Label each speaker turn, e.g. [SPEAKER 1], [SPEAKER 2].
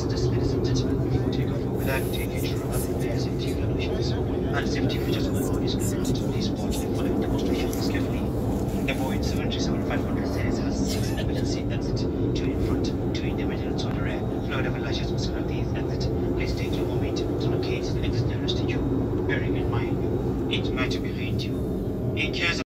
[SPEAKER 1] fastest, ladies and gentlemen, before takeoff, we would like to engage from the safety regulations and safety features of the bodies. Please watch the following demonstrations carefully. The Boeing 737-500 series has six emergency exits, two in front, two in the middle, two in the rear. No double lashes must have these exits. Please take your moment to locate the exit nearest to you, bearing in mind it might be behind you. In
[SPEAKER 2] case